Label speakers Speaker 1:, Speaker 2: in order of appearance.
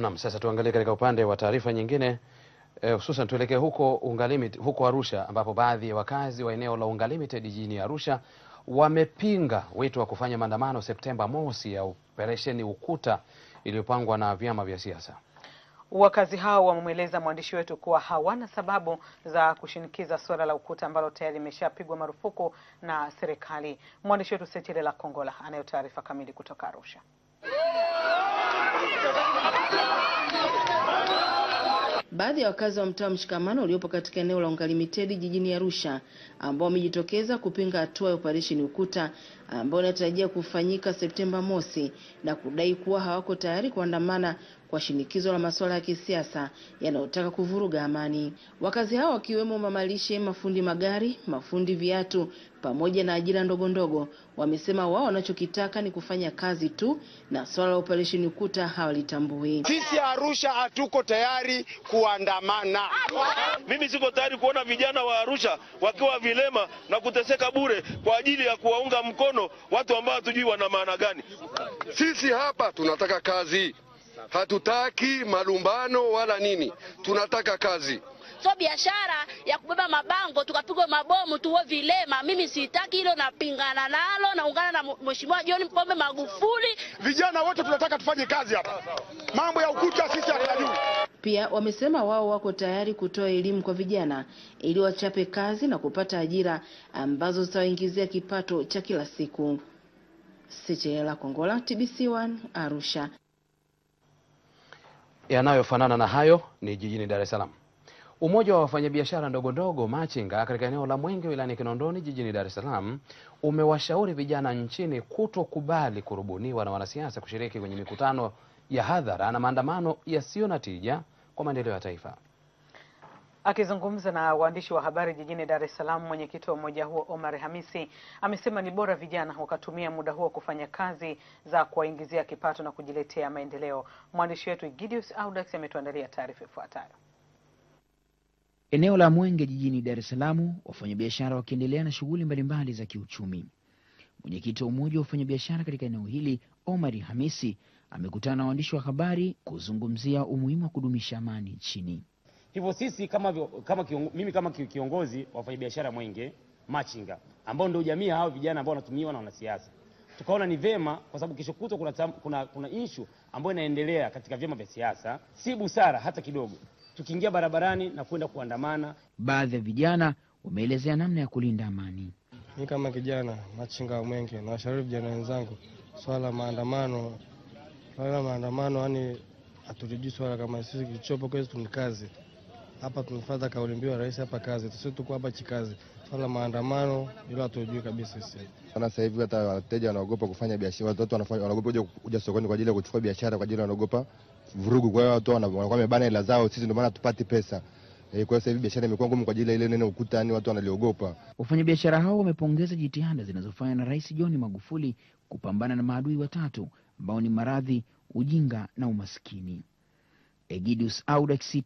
Speaker 1: Naam, sasa tuangalie katika upande wa taarifa nyingine eh, hususan, eh, tuelekee huko Ungalimit, huko Arusha ambapo baadhi ya wakazi wa eneo la Ungalimit jijini Arusha wamepinga wito wa kufanya maandamano Septemba mosi ya operesheni Ukuta iliyopangwa na vyama vya siasa.
Speaker 2: Wakazi hao wamemweleza mwandishi wetu kuwa hawana sababu za kushinikiza suala la ukuta ambalo tayari limeshapigwa marufuku na serikali. Mwandishi wetu Sechile la Kongola anayo taarifa kamili kutoka Arusha.
Speaker 3: Baadhi ya wakazi wa mtaa Mshikamano uliopo katika eneo la Unga Limited jijini Arusha ambao wamejitokeza kupinga hatua ya operesheni Ukuta ambao inatarajia kufanyika Septemba mosi na kudai kuwa hawako tayari kuandamana kwa shinikizo la masuala ya kisiasa yanayotaka kuvuruga amani. Wakazi hao wakiwemo mamalishe, mafundi magari, mafundi viatu pamoja na ajira ndogondogo wamesema wao wanachokitaka ni kufanya kazi tu na swala la operesheni Ukuta hawalitambui.
Speaker 4: Sisi Arusha hatuko tayari kuandamana.
Speaker 5: Mimi siko tayari kuona vijana wa Arusha wakiwa vilema na kuteseka bure kwa ajili ya kuwaunga mkono watu ambao hatujui wana maana gani.
Speaker 6: Sisi hapa tunataka kazi. Hatutaki malumbano wala nini, tunataka kazi.
Speaker 7: So biashara ya kubeba mabango tukapigwa mabomu tuwe vilema, mimi sitaki hilo, napingana nalo, naungana na, na mheshimiwa John Pombe Magufuli.
Speaker 8: Vijana wote tunataka tufanye kazi hapa, mambo ya ukuta sisi hatujui.
Speaker 3: Pia wamesema wao wako tayari kutoa elimu kwa vijana ili wachape kazi na kupata ajira ambazo zitawaingizia kipato cha kila siku. Sechela Kongola, TBC1 Arusha
Speaker 1: yanayofanana na hayo ni jijini Dar es Salaam. Umoja wa wafanyabiashara ndogo ndogo machinga katika eneo la Mwenge wilayani Kinondoni jijini Dar es Salaam umewashauri vijana nchini kutokubali kurubuniwa na wanasiasa kushiriki kwenye mikutano ya hadhara na maandamano yasiyo na tija kwa maendeleo ya taifa.
Speaker 9: Akizungumza na waandishi wa habari jijini Dar es Salaam, mwenyekiti wa umoja huo Omar Hamisi amesema ni bora vijana wakatumia muda huo kufanya kazi za kuwaingizia kipato na kujiletea maendeleo. Mwandishi wetu Gideus Audax ametuandalia taarifa ifuatayo.
Speaker 10: Eneo la Mwenge jijini Dar es Salaam, wafanyabiashara wakiendelea na shughuli mbalimbali za kiuchumi. Mwenyekiti wa umoja wa wafanyabiashara katika eneo hili Omar Hamisi amekutana na waandishi wa habari kuzungumzia umuhimu wa kudumisha amani nchini.
Speaker 11: Hivyo sisi kama, kama kiongo, mimi kama kiongozi wa wafanyabiashara Mwenge Machinga ambao ndio jamii hao vijana ambao wanatumiwa na wanasiasa, tukaona ni vema, kwa sababu kesho kutwa kuna, kuna, kuna issue ambayo inaendelea katika vyama vya siasa, si busara hata kidogo tukiingia barabarani na kwenda kuandamana.
Speaker 10: Baadhi ya vijana wameelezea namna ya kulinda amani.
Speaker 12: Mi kama kijana machinga wa Mwenge na washauri vijana wenzangu, swala maandamano, swala maandamano, yani haturejii swala kama sisi, kichopo kwetu ni kazi hapa tumefata kauli mbiu ya rais hapa kazi, tusi tuko hapa chikazi. Swala maandamano ila hatujui kabisa sisi.
Speaker 13: sana Sasa hivi hata wateja wanaogopa kufanya biashara, watoto wanaogopa kuja kuja sokoni kwa ajili ya kuchukua biashara, kwa ajili wanaogopa vurugu. Kwa hiyo watu wanakuwa wamebana hela zao, sisi ndio maana tupati pesa. e, Kwa hiyo sasa hivi biashara imekuwa ngumu kwa ajili ya ile neno ukuta, yani watu wanaliogopa.
Speaker 10: Wafanyabiashara hao wamepongeza jitihada zinazofanywa na Rais John Magufuli kupambana na maadui watatu ambao ni maradhi, ujinga na umaskini. Egidius Audax